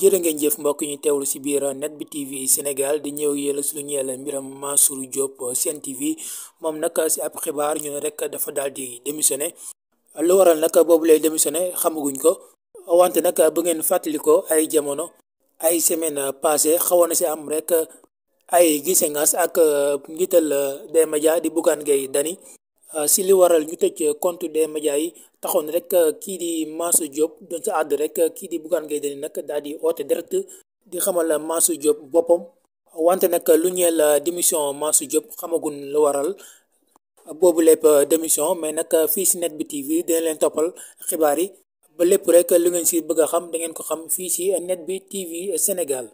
jërë ngeen jëf mbokk ñu teewlu si biir net bi TV Sénégal di ñëw yéen su lu ñeel mbiram Mansour Diop Sen TV moom nag si ab xibaar ñu ne rek dafa daal di démissionné lu waral nag boobu lay démissionné xamaguñ ko wante nag bu ngeen fàttali ko ay jamono ay semaine passé xawoon na si am rek ay gisengas ak njiital des médias di Bougane Gueye Dany Euh, si li waral ñu tëj euh, compte de médias yi taxoon rek euh, kii di Mansa Diop doon sa àdd rek kii di Bougane Gueye Dany nag daal di oote direct di xamal Mansa Diop boppam wante nag lu ñeel démission Mansa Diop xamagun lu waral boobu lépp démission mais nag fii si net bi TV dee leen toppal xibaar yi ba lépp rek lu ngeen si bëgg a xam da ngeen ko xam fii si net bi TV Sénégal.